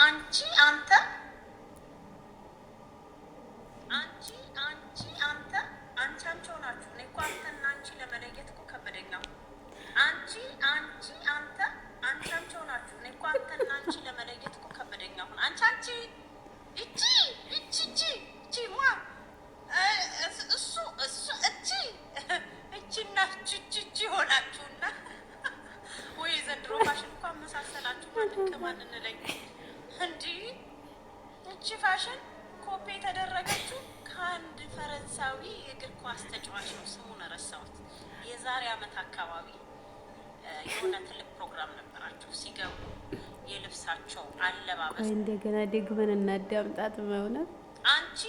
አንቺ አንተ አንቺ አንቺ አንተ አንቺ አንቺው ናችሁ። እኔ እኮ አንተና አንቺ ለመለየት እኮ ከበደኝ። አንቺ አንቺ አንተ አንቺ አንቺው ናችሁ። እኔ እኮ አንተና አንቺ ለመለየት እኮ ከበደኝ። አንቺ አንቺ እቺ እቺ እቺ እቺ ማ እሱ እሱ እቺ እቺና እቺ እቺ እቺ ሆናችሁና ወይ ዘንድሮ ፋሽን እኮ አመሳሰላችሁ። ማንን ከማን እንለይ? እንዲህ እቺ ፋሽን ኮፒ የተደረገችው ከአንድ ፈረንሳዊ የእግር ኳስ ተጫዋች ነው። ስሙን ረሳሁት። የዛሬ አመት አካባቢ የሆነ ትልቅ ፕሮግራም ነበራቸው። ሲገቡ የልብሳቸው አለባበስ እንደገና ደግመን እናዳምጣት መሆነ አንቺ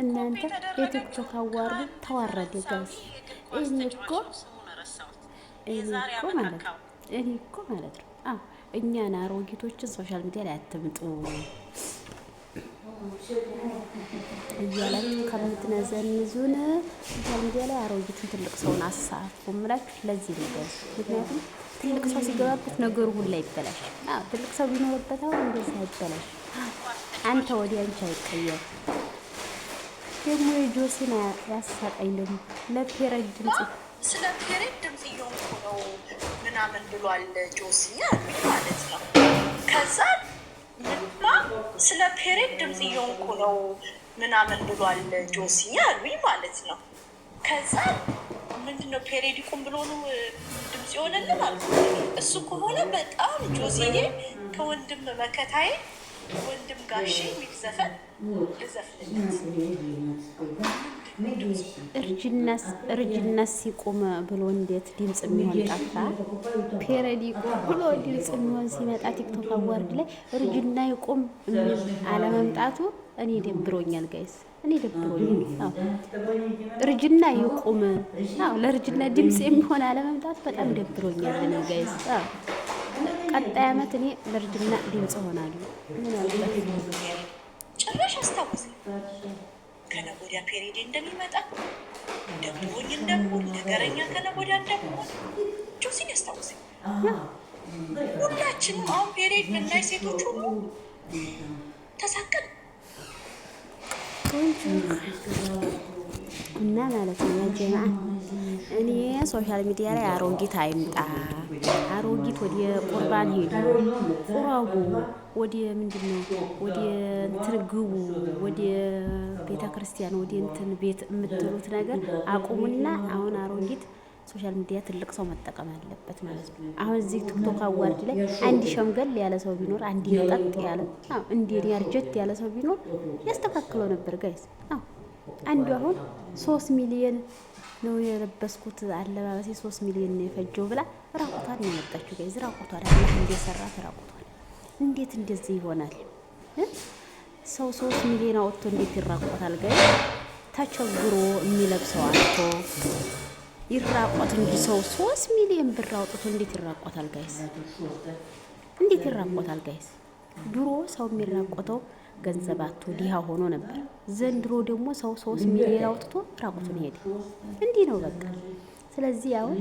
እናንተ የቲክቶክ አዋርድ ተዋረደ። ጋዝ እኔ እኮ እኔ እኮ ማለት ነው እኔ እኮ ማለት ነው አዎ እኛን አሮጊቶችን ሶሻል ሚዲያ ላይ አትምጡ እያላችሁ ከምትነዘንዙን ሶሻል ሚዲያ ላይ አሮጊትን ትልቅ ሰውን አሳፉ ምላችሁ ለዚህ ነገር ምክንያቱም ትልቅ ሰው ሲገባበት ነገሩ ሁላ ይበላሽ። ትልቅ ሰው ቢኖርበት አሁን እንደዚህ አይበላሽ። አንተ ወዲያ አንቺ አይቀየር። ደግሞ የጆሲን ያሳቀኝ ደግሞ ለፔረድ ድምፅ ስለ ፔረድ ድምፅ እየሆንኩ ነው ምናምን ብሏል ጆሲ ማለት ነው። ከዛ ምንማ ስለ ፔሬድ ድምፅ እየሆንኩ ነው ምናምን ብሏል ጆሲ ያሉኝ ማለት ነው። ከዛ ምንድን ነው ፔሬዲኩም ብሎ ነው ድምፅ ይሆንልን አልኩ። እሱ ከሆነ በጣም ጆሲዬ ከወንድም መከታዬ ወንድም ጋሼ የሚል ዘፈን ልዘፍንለት እርጅና ሲቆም ብሎ እንዴት ድምፅ የሚሆን ጠፋ። ፔረዲ ብሎ ድምፅ የሚሆን ሲመጣ ቲክቶክ አዋርድ ላይ እርጅና ይቆም አለመምጣቱ እኔ ደብሮኛል ጋይስ፣ እኔ ደብሮኛል። እርጅና ይቁም፣ ለእርጅና ድምፅ የሚሆን አለመምጣቱ በጣም ደብሮኛል እኔ ጋይስ። ቀጣይ እኔ ለእርጅና ድምፅ ሆናለሁ። ምን ጭራሽ አስታውስ ከነገ ወዲያ ፔሬዴ እንደሚመጣ እንደምሆኝ እንደምሆን ነገረኛ ከነገ ወዲያ እንደምሆን ጆሲን ያስታውሰኝ። ሁላችንም አሁን ፔሬድ ምናይ ሴቶች ሁሉ ተሳቀን እና ማለት ነው ያጀማ እኔ ሶሻል ሚዲያ ላይ አሮጊት አይምጣ፣ አሮጊት ወደ ቁርባን ሄዱ ቁረቡ ወደ ምንድን ነው ወደ እንትን ግቡ፣ ወደ ቤተ ክርስቲያን ወደ እንትን ቤት የምትሉት ነገር አቁሙና አሁን አሮጊት ሶሻል ሚዲያ ትልቅ ሰው መጠቀም አለበት ማለት ነው። አሁን እዚህ ቲክቶክ አዋርድ ላይ አንድ ሸምገል ያለ ሰው ቢኖር፣ አንድ ነጠጥ ያለ እንዲ ያርጀት ያለ ሰው ቢኖር ያስተካክለው ነበር ጋይስ። አንዱ አሁን ሶስት ሚሊየን ነው የለበስኩት አለባበሴ ሶስት ሚሊዮን ነው የፈጀው ብላ ራቁቷን ነው የመጣችው ጋይዝ። ራቁቷን እንደሰራት ራቁቷን እንዴት እንደዚህ ይሆናል? ሰው ሶስት ሚሊዮን አወጥቶ እንዴት ይራቆታል? ጋይ ተቸግሮ የሚለብሰው አቶ ይራቆት እንጂ ሰው ሶስት ሚሊዮን ብር አውጥቶ እንዴት ይራቆታል? ጋይስ እንዴት ይራቆታል? ጋይስ ድሮ ሰው የሚራቆተው ገንዘብ አቶ ዲሃ ሆኖ ነበር። ዘንድሮ ደግሞ ሰው ሶስት ሚሊዮን አውጥቶ ራቆቱን ሄደ። እንዲህ ነው በቃ። ስለዚህ አሁን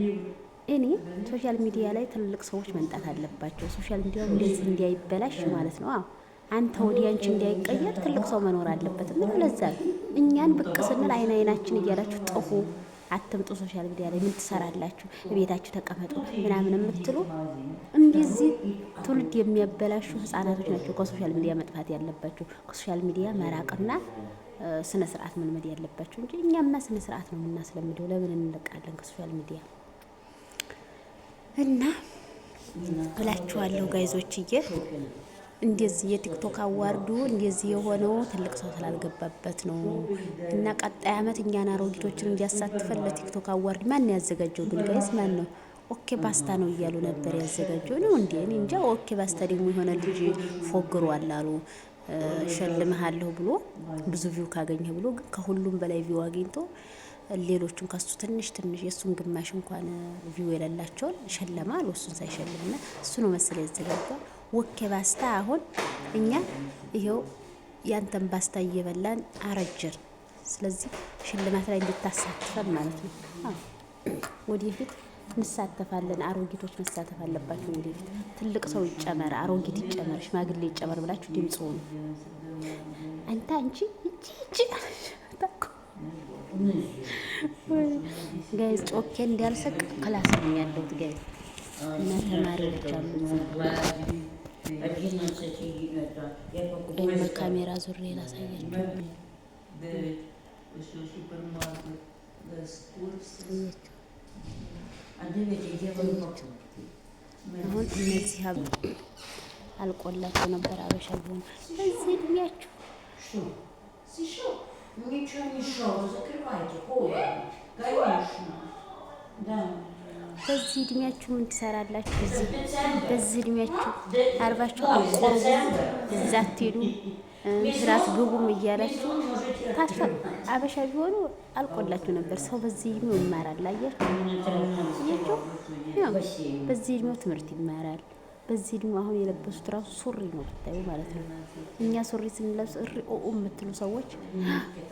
እኔ ሶሻል ሚዲያ ላይ ትልልቅ ሰዎች መምጣት አለባቸው። ሶሻል ሚዲያው እንደዚህ እንዲያይበላሽ ማለት ነው። አዎ አንተ ወዲያ አንቺ እንዳይቀየር ትልቅ ሰው መኖር አለበት። ምን ለዛ እኛን ብቅ ስንል አይን አይናችን እያላችሁ ጥፉ አትምጡ። ሶሻል ሚዲያ ላይ ምን ትሰራላችሁ? ቤታችሁ ተቀመጡ ምናምን የምትሉ እንደዚህ ትውልድ የሚያበላሹ ህጻናቶች ናቸው ከሶሻል ሚዲያ መጥፋት ያለባቸው። ከሶሻል ሚዲያ መራቅና ስነ ስርዓት መልመድ ያለባቸው እንጂ እኛማ ስነ ስርዓት ነው የምናስለምደው። ለምን እንለቃለን ከሶሻል ሚዲያ? እና እላችኋለሁ ጋይዞችዬ እንደዚህ የቲክቶክ አዋርዱ እንደዚህ የሆነው ትልቅ ሰው ስላልገባበት ነው። እና ቀጣይ አመት እኛን አሮጊቶችን እንዲያሳትፈን ለቲክቶክ አዋርድ ማን ያዘጋጀው ግን ጋይዝ ማን ነው? ኦኬ ባስታ ነው እያሉ ነበር ያዘጋጀው ነው እንዴ? እኔ እንጃ። ኦኬ ባስታ ደግሞ የሆነ ልጅ ፎግሯል አሉ ሸልመሃለሁ ብሎ ብዙ ቪው ካገኘ ብሎ ከሁሉም በላይ ቪው አግኝቶ ሌሎቹን ከሱ ትንሽ ትንሽ የእሱን ግማሽ እንኳን ቪው የሌላቸውን ሸለማ ለሱን ሳይሸልምና እሱ ነው መሰለኝ የተዘጋጋ ወኬ ባስታ። አሁን እኛ ይኸው ያንተን ባስታ እየበላን አረጀር ስለዚህ ሽልማት ላይ እንድታሳትፈን ማለት ነው። ወደፊት እንሳተፋለን። አሮጊቶች መሳተፍ አለባቸው። ወደፊት ትልቅ ሰው ይጨመር፣ አሮጊት ይጨመር፣ ሽማግሌ ይጨመር ብላችሁ ድምፅ ሆኑ። አንተ አንቺ እቺ ጋይዝ ጮኬ እንዲያልሰቅ ክላስ ነው ያለሁት ጋይዝ እና ተማሪዎች አሉ። ደግሞ ካሜራ ዙሬ ላሳያቸው አሁን እነዚህ አልቆላቸው ነበር አበሻ ሆኑ በዚህ እድሜያቸው не нічого, закрывайте, холодно. Конечно. Да. በዚህ እድሜያችሁ ምን ትሰራላችሁ? እዚህ በዚህ እድሜያችሁ አርባችሁ አቆሙ እዛ ትሄዱ ስራት ግቡም እያላችሁ ታሳ አበሻ ቢሆኑ አልቆላችሁ ነበር። ሰው በዚህ እድሜው ይማራል። አያችሁ፣ በዚህ እድሜው ትምህርት ይማራል። በዚህ ድሞ አሁን የለበሱት ራሱ ሱሪ ነው ብታዩ ማለት ነው። እኛ ሱሪ ስንለብስ እሪ ኦኦ የምትሉ ሰዎች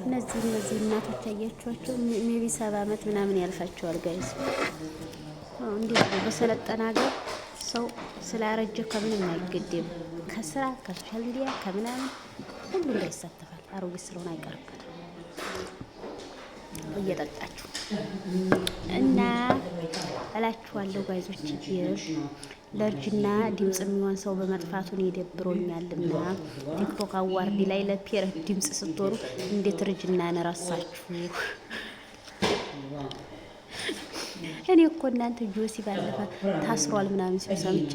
እነዚህ እነዚህ እናቶች አያችኋቸው፣ ሜቢ ሰባ ዓመት ምናምን ያልፋቸዋል። ጋይዝ እንዴት ነው በሰለጠነ ሀገር ሰው ስላረጀ ከምንም አይገድም። ከስራ ከሶሻል ከምናምን ሁሉ ላይ ይሳተፋል። አሮጌ ስለሆነ አይቀርበትም። እየጠጣችሁ እና እላችኋለሁ ጋይዞች ለእጅና ድምጽ የሚሆን ሰው በመጥፋቱን የደብሮኛልና ቲክቶክ አዋርድ ላይ ለፔር ድምጽ ስትወሩ እንዴት እርጅናን ረሳችሁ? እኔ እኮ እናንተ ጆሲ ባለፈ ታስሯል ምናምን ሲሉ ሰምቼ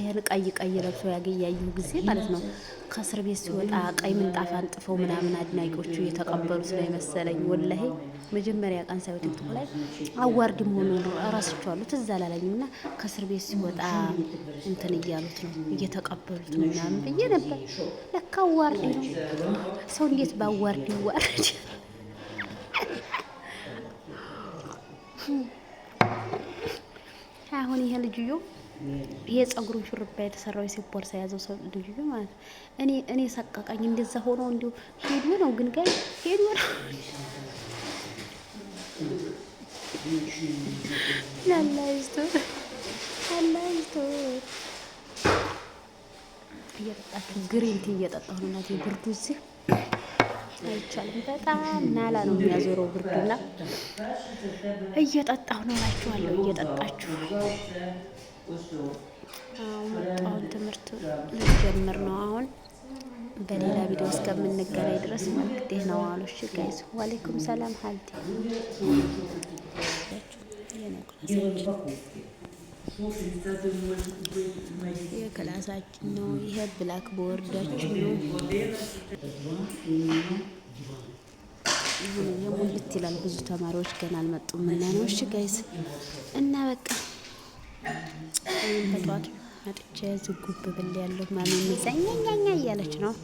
ይህን ቀይ ቀይ ለብሶ ያገያዩ ጊዜ ማለት ነው ከእስር ቤት ሲወጣ ቀይ ምንጣፍ አንጥፈው ምናምን አድናቂዎቹ እየተቀበሉ ስለመሰለኝ ወላሂ መጀመሪያ ቀን ሳይሆን ቲክቶክ ላይ አዋርድ መሆኑን እረስቸዋለሁ። ትዝ አላለኝም እና ከእስር ቤት ሲወጣ እንትን እያሉት ነው እየተቀበሉት ነው ምናምን ብዬ ነበር። ለካ አዋርድ ነው። ሰው እንዴት በአዋርድ ይዋረድ? አሁን ይሄ ልጅዮ ይሄ ጸጉሩን ሹርባ የተሰራው የሴት ቦርሳ የያዘው ሰው ልጅዮ ማለት ነው። እኔ እኔ ሰቀቀኝ እንደዛ ሆኖ እንዲሁ ሄዱ ነው ግን ጋር ሄዱ ነው ላላይስቶ ላላይስቶ እየጠጣችሁ ግሪንቲ እየጠጣሁ ነው እናቴ ብርዱ እዚህ አይቻልም። በጣም ናላ ነው የሚያዞረው ብርዱና እየጠጣሁ ነው እላችኋለሁ። እየጠጣችሁ አሁን ትምህርት ልጀምር ነው አሁን በሌላ ቪዲዮ እስከምንገናኝ ድረስ ወቅቴህ ነው አሉ። እሺ ጋይዝ፣ ዋሌይኩም ሰላም ሀልቴ የክላሳችን ነው። ይሄ ብላክ ቦርዳችን ነው። ይሁን ይላል። ብዙ ተማሪዎች ገና አልመጡም እና ነው። እሺ ጋይስ እና በቃ በጠዋት መጥቼ ዝጉብ ብል ያለሁ ማሚ እያለች ነው